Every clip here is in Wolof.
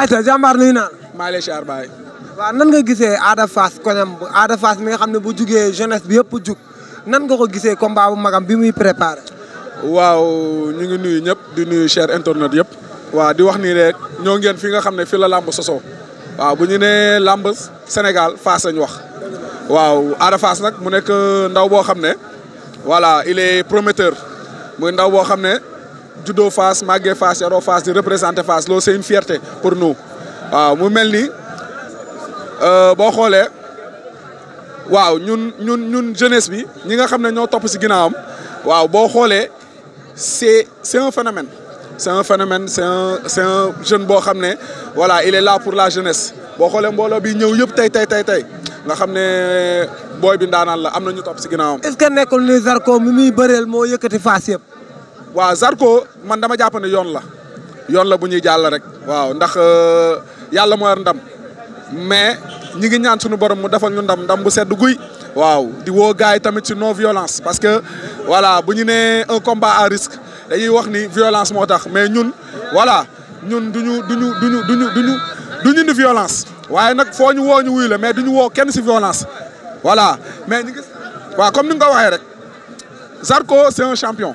ayta jàmbaar nuyu naa maa lay siyaar baay waaw nan nga gisee Ada Fass koñam Ada Fass mi nga xam ne bu jugee jeunesse bi yëpp jug nan nga ko gisee combat bu magam bi muy préparé waaw ñu ngi nuy ñëpp di nuyu cher internet yëpp waaw di wax nii rek ñoo ngeen fi nga xam ne fi la làmb sosoo waaw bu ñu nee làmb Sénégal Fass lañ wax waaw Ada Fass nag mu nekk ndaw boo xam ne voilà il est prometteur muy ndaw boo xam ne Judo face, màggee face, yaroo face, de représenter face, c'est une fierté pour nous waaw mu melni euh bo xolé waaw ñun ñun ñun jeunesse bi ñi nga xamné ne ñoo topp si ginnaawam waaw boo c'est c'est un phénomène c'est un phénomène c'est un c'est un jeune bo xamné voilà il est là pour la jeunesse bo xolé mbolo bi ñëw yëpp tay tay tay tay nga xamné boy bi ndaanaan la amna ñu top ci ginaawam est-ce que nekul ni Zarko mi muy bëreel moo yëkkati Fass yëpp waaw Zarko man dama jàpp ne yoon la yon la bu jall rek waaw ndax euh, yalla mo ndam mais ñi ngi ñaan suñu borom mu defal ñu ndam ndam bu sedd guuy waaw di wo gaay tamit ci non violence parce que voilà buñu né un combat à risque dañuy wax ni violence moo tax mais ñun voilà ñun duñu duñu duñu duñu duñu duñu ni violence waye nak foo ñu woo ñu wuyu la mais duñu wo kenn ci violence voilà mais ñi comme ni nga waxé rek Zarko c'est un champion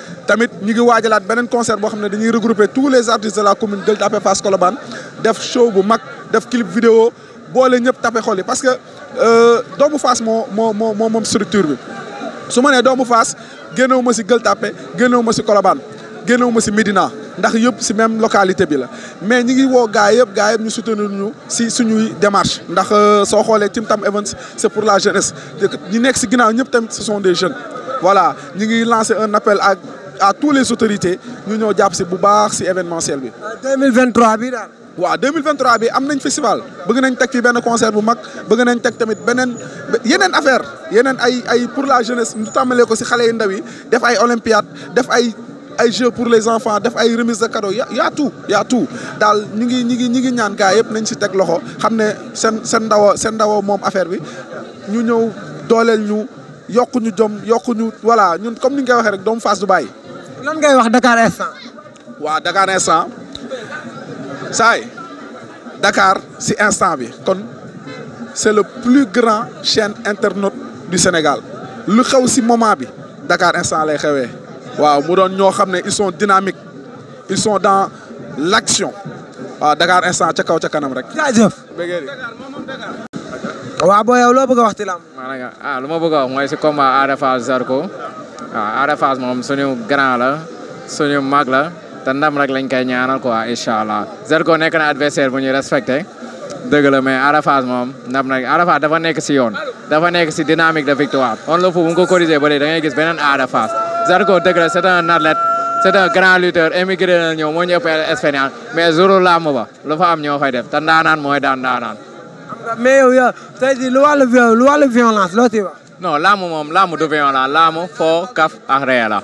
tamit ñu ngi wajalat benen concert bo xamné dañuy regrouper tous les artistes de la commune delta Tapée Fass Colobane def show bu mag def clip vidéo boole ñëpp tapé xol yi parce que euh doomu Fass mo mo mo moo structure bi suma né nee doomu Fass génnewu ci si Gueule Tapée génnewu ma si Colobane génnewu ndax yëpp ci même localité bi la mais ñi ngi wo gaay yëpp gaay yëpp ñu soutenir ñu ci suñu démarche ndax euh, so xolé Tim Tam Events c'est pour la jeunesse ñi nekk ci ginaaw ñëpp tam ce sont des jeunes voilà ñi ngi lancer un appel à à toutes les autorités nous avons dit que événement. 2023 2023 un festival bëgg nañ fait un concert affaire pour la jeunesse ñu les ko des Olympiades, jeux pour les enfants def remise de cadeaux y a tout y a tout Nous ñi fait des Nous avons fait des choses. nañ fait. loxo ne lan ngay wax Dakar instant. wa Dakar instant say Dakar si instant bi kon c'est le plus grand chaîne internet du Sénégal lu xew ci moment bi Dakar instant lay xewé waaw mu doon ñoo xamné ils sont dynamiques ils sont dans l'action wa Dakar instant ca kaw ca kanam rek. dakar wa boy yow lo bëgg a wax ci lamb. ah luma bëgg wax moy ci combat Ada Zarko. waaw Ada Fass moom suñu grand la suñu mag la te ndam na adversaire si yoon dafa nekk si dynamique de victoire on le faut bu ko corrigé ba léegi da gis beneen Ada Fass Zarko dëgg la c'est un athlète c'est un grand lutteur émigré na ñëw moo ñu ëpp expérience mais ba lu fa am ñoo fay def te ndaanaan mooy daan ndaanaan mais yow yaa tey jii lu wàllu loo ciy non laamu moom laamu du violent laamu foo kaf ak ree la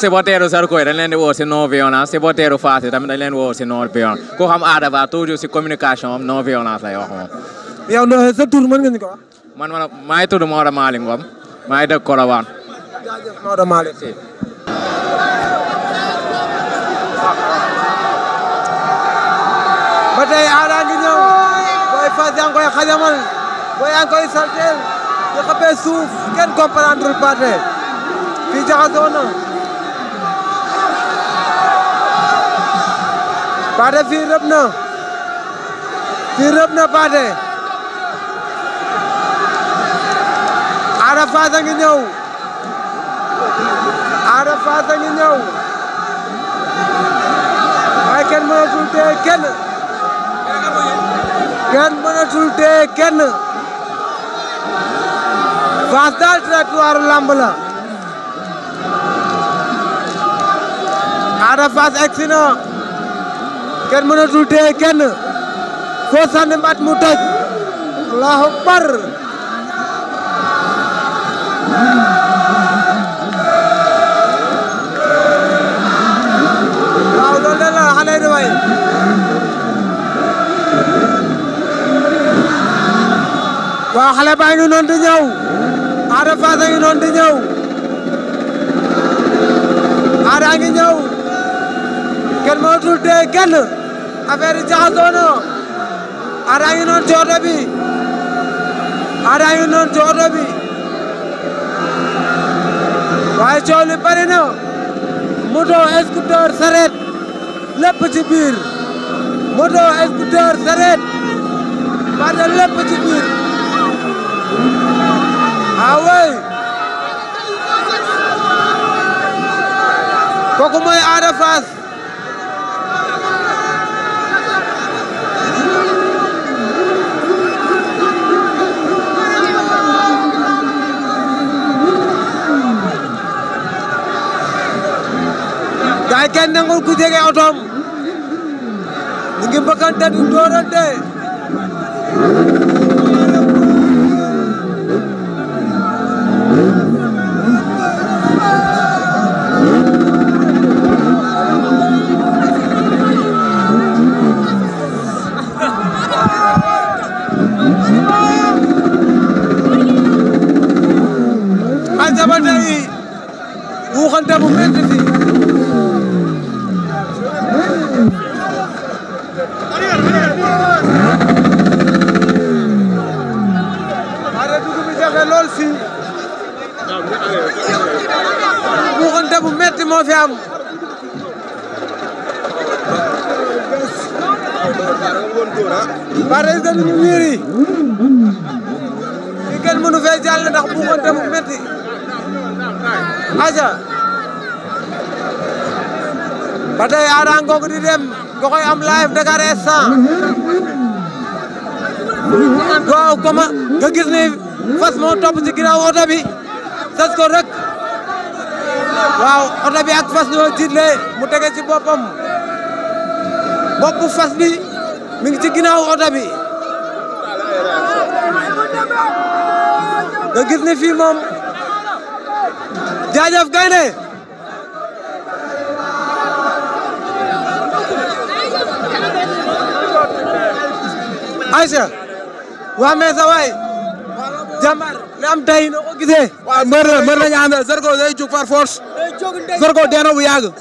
supporteru yi dañ leen di si non violence supporteru Fass yi tamit dañ leen di si non violence ku xam aada ba toujours si communication am non violence lay moom. yow no sa di xëppee suuf kenn comprendre Pathé fii jaxasoo na fii rëb na fii rëb na Pathé Ada Fass a ngi ñëw Ada Fass a ngi ñëw waaye kenn mënatul tee kenn kenn mënatul tee kenn Fass daal trottoir lamb la Ada Fass egsi na kenn mënatul téye kenn foo sànni mbat mu toj allahu akbar waaw loolu de la xale yi way waaw xale baa ngi noonu di ñëw Ada Fass ngi noonu di ñëw Ada ngi ñëw kenn mënatul dee kenn affaire yi jaxasoo na ngi noonu ci oto bi ngi noonu ci oto waaye coow li bari na moto scooter sareet ci biir moto scooter sareet ba lépp ci biir. waaw way kooku mooy Ada Fass gaay kenn nangul ku jege otoom ñu ngi mbëkkante du dóorante buuxante bu metti moo fi am Pathé Sène ñu wiiri fi kenn mënu fee jàll ndax buuxante bu metti aja ba tey Ada Ngong di dem am live Dakar instant waaw comment nga gis ne fas moo topp ci ginnaaw oto tas ko rek waaw oto bi ak fas ñoo jiitle mu tege ci boppam boppu fas bi mi ngi ci ginnaaw oto bi nga gis ne moom jaajëf gaynde Aïcha waa mais waay jàmbaar li am tey noo ko gisee. waaw mbër la mbër la ñu àndal Zarko day jug par force. Zarko dee na bu yàgg.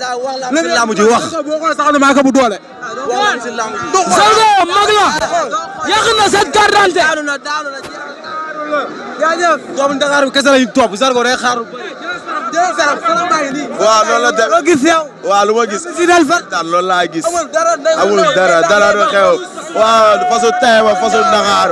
lan la mu ji wax boo xoolee sax na maa ko bu doole. Zarko mag la. yàq na seen carte d'identité. jaajëf. doomu Dakar bi kese la ñu topp Zarko day xaar. waaw loolu la dem waaw lu ma gis. daan loolu laa gis. amul dara dara du xew. waaw façon tey ma façon Dakar.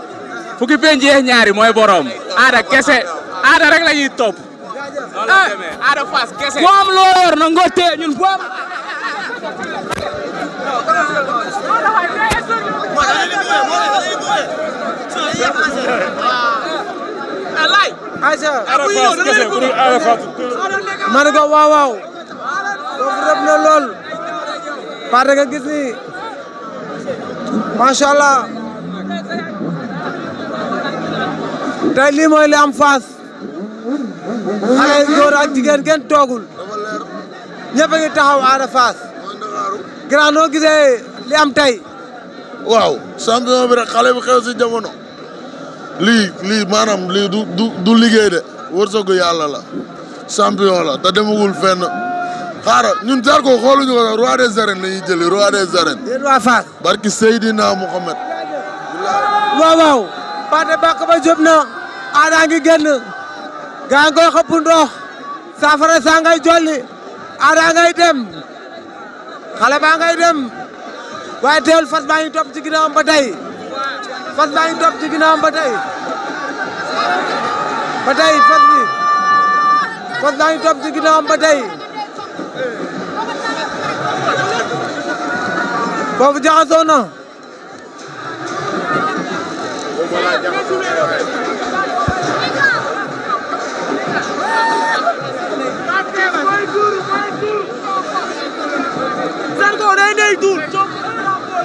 fukki penc yeex ñaari moy borom ada kese ada rek lañuy top eh, ada fas kese ku am loo yor na nga ñun bu am wow wow waaw waaw allah tey lii mooy li am Fass xale góor ak jigéen kenn toogul ñëpp a ngi taxaw aada Fass grand gisee li am tey waaw champion bi rek xale xew si jamono lii lii maanaam lii du du du liggéey de wërsëgu yàlla la champion la te demagul fenn xaaral ñun jar ko xooluñu ko roi des arènes la ñuy jëli roi barki Seydina Mouhamed waaw waaw Pathé bakk ba jub na Ada ngi génn gaa ngi ndox saafara saa ngay jolli Ada ngay dem xale baa ngay fas baa ngi topp ci ginnaawam ba tey fas baa topp ci ginnaawam ba tey ba tey fas bi topp ci ginnaawam ba tey foofu jaxasoo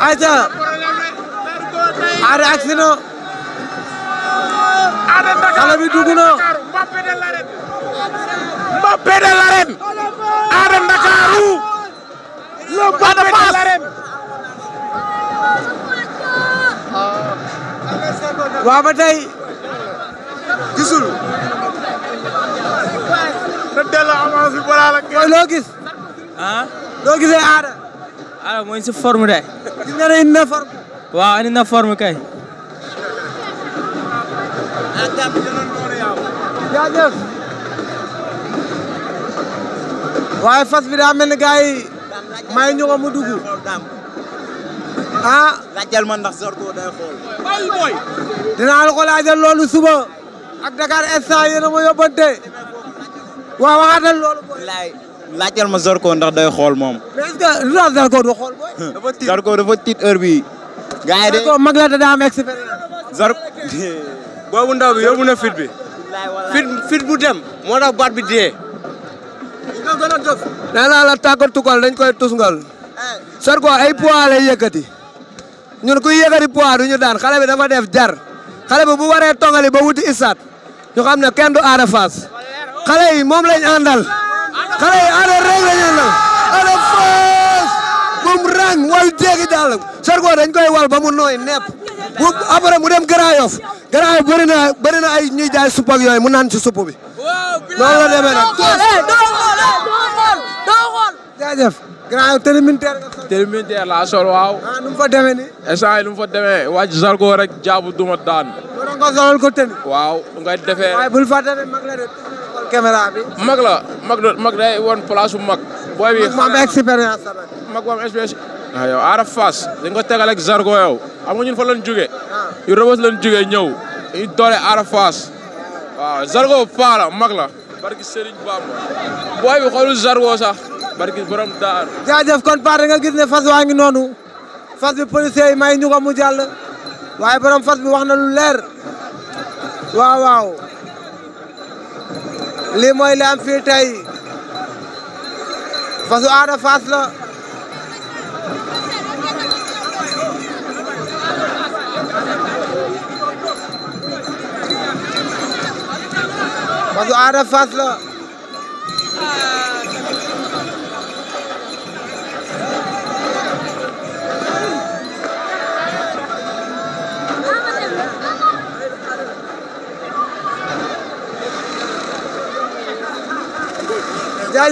আচ্ছা আর একদিন আলাবি ডুগুনো Mbappé de l'arène Arène Dakarou Le Mbappé de l'arène waa ba tey gisul. te delloo bi loo gis. ah. loo gisee aada. aada mooy si forme de. gis nga ne indi na forme. kay. jaajëf. waaye fas bi daa mel ni gars yi may ah laajal ma ndax Zarko day xool. bàyyil la ko laajal loolu suba. ak Dakar instant yéen a ma yóbbante. waaw loo loolu booy. laaj ma Zarko ndax day xool moom. mais lu tax Zarko du xool bi yóbbu na fit bi. fit fit moo tax baat bi dee. nga gën a jëf. nee naa la tàggatukal dañ koy tusngal. Eh. ay poids lay ñun kuy yëkkati poids du ñu daan xale bi dafa def jar xale bi bu waree tongali ba wuti isaat ñu xam ne kenn du Ada Fass xale yi moom lañ àndal xale yi Ada rek lañ àndal Ada Fass bum rang wal jéegi dañ koy wal ba mu noo nepp bu après mu dem Grand Yoff Grand Yoff na bëri na ay ñuy jaay supp ak yooyu mu naan ci supp bi grand tenue militaire nga sol. tenue laa sol waaw. ah nu mu fa demee nii. rek jaabu duma daan. ko waaw nga defee. bul fàtte ne mag la de caméra bi. mag la mag do mag day woon place mag. booy bi mag mag am expérience. ah yow Ada Fass dañ ko tegal ak Zarko yow xam nga ñun fa lañ ah. yu rëbës lañ jógee ñëw. ñu doole Ada Fass. waaw Zarko paa la mag la. barki Serigne booy bi xoolul Zarko sax. barki borom daar jaajëf kon Paate nga gis ne fas waa ngi noonu fas bi policier yi may ñu ko mu jàll waaye borom fas bi wax na lu leer waaw waaw lii mooy li am fii tey fasu aada faas la la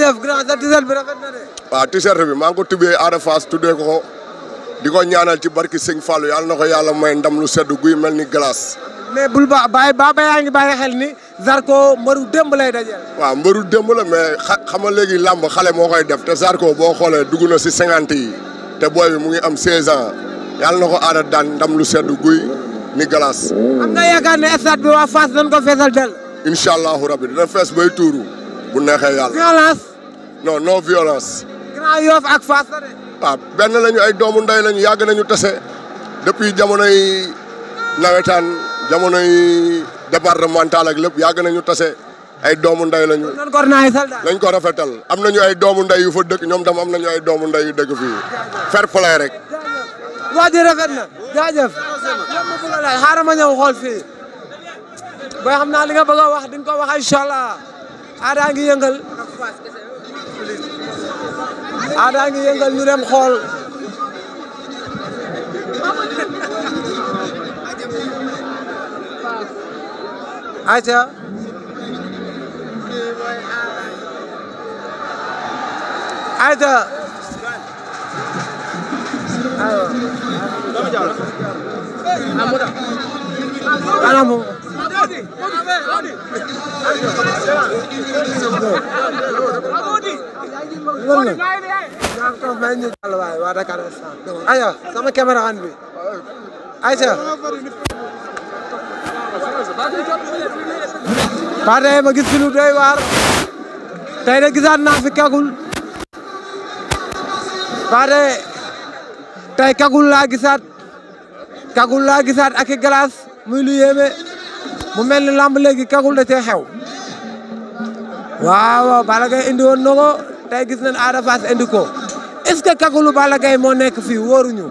jaajëf grand bi rafet na bi maa ngi ko tubbee Ada Fass tuddee ko di ko ñaanal ci barki Sëñ Fallou yàlla na ko yàlla may ndam lu sedd guy mel ni glace. mais bul ba bàyyi baaba ngi ngi nga xel ni Zarko mbëru démb lay dajeel. waaw mbëru démb la mais xa xam nga léegi xale moo koy def te Zarko boo xoolee dugg na si cinquante yi te booy bi mu ngi am 16 ans yàlla na ko aada daan ndam lu sedd guy ni glace. am nga yaakaar ne stade bi waa Fass dañ ko feesal del. incha allahu bu neexee yàlla. violence. non non violence. Grand Yoff ak Fass la ah, benn lañu ay doomu nday lañu yàgg nañu tase depuis jamonoy nawetaan jamonoy départemental ak lép yàgg nañu tase ay doomu ndey lañu. nañ ko rafetal nañ ko rafetal am nañu ay doomu ndey yu fa dëkk ñoom tam am nañu ay doomu ndey yu dëkk fii fair play rek. waa ji na jaajëf lépp bu la xool fii booy xam naa li nga a wax di ko wax incha allah Ada ngi yëngal Ada ngi yëngal ñu dem xool Aja. Aïcha Ayo Anamu aywa sama cameraman bi Aïcha ba tey ma gis fi lu doy waar tey de gisaat naa fi kagul ba tey tey kagul laa gisaat kagul laa gisaat ak i glace muy lu yéeme mu mel ni làmb léegi kagul da cee xew waaw Balla Gaye indiwoon woon tay gis nañ Ada Fass indi est-ce que kagulu Balla moo nekk fii wóoruñu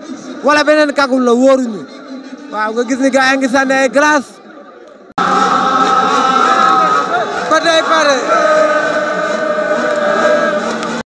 wala beneen kagul la wóoruñu waaw nga gis ni gars yaa ngi sànni ba tey pare